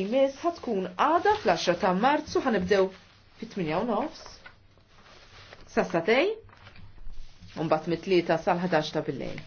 Imes ħatkun għada fl-10 ta' marzu ħanibdew fit-8 nofs. Sassatej, un bat mit-3 sal-11 ta' bil-lejl.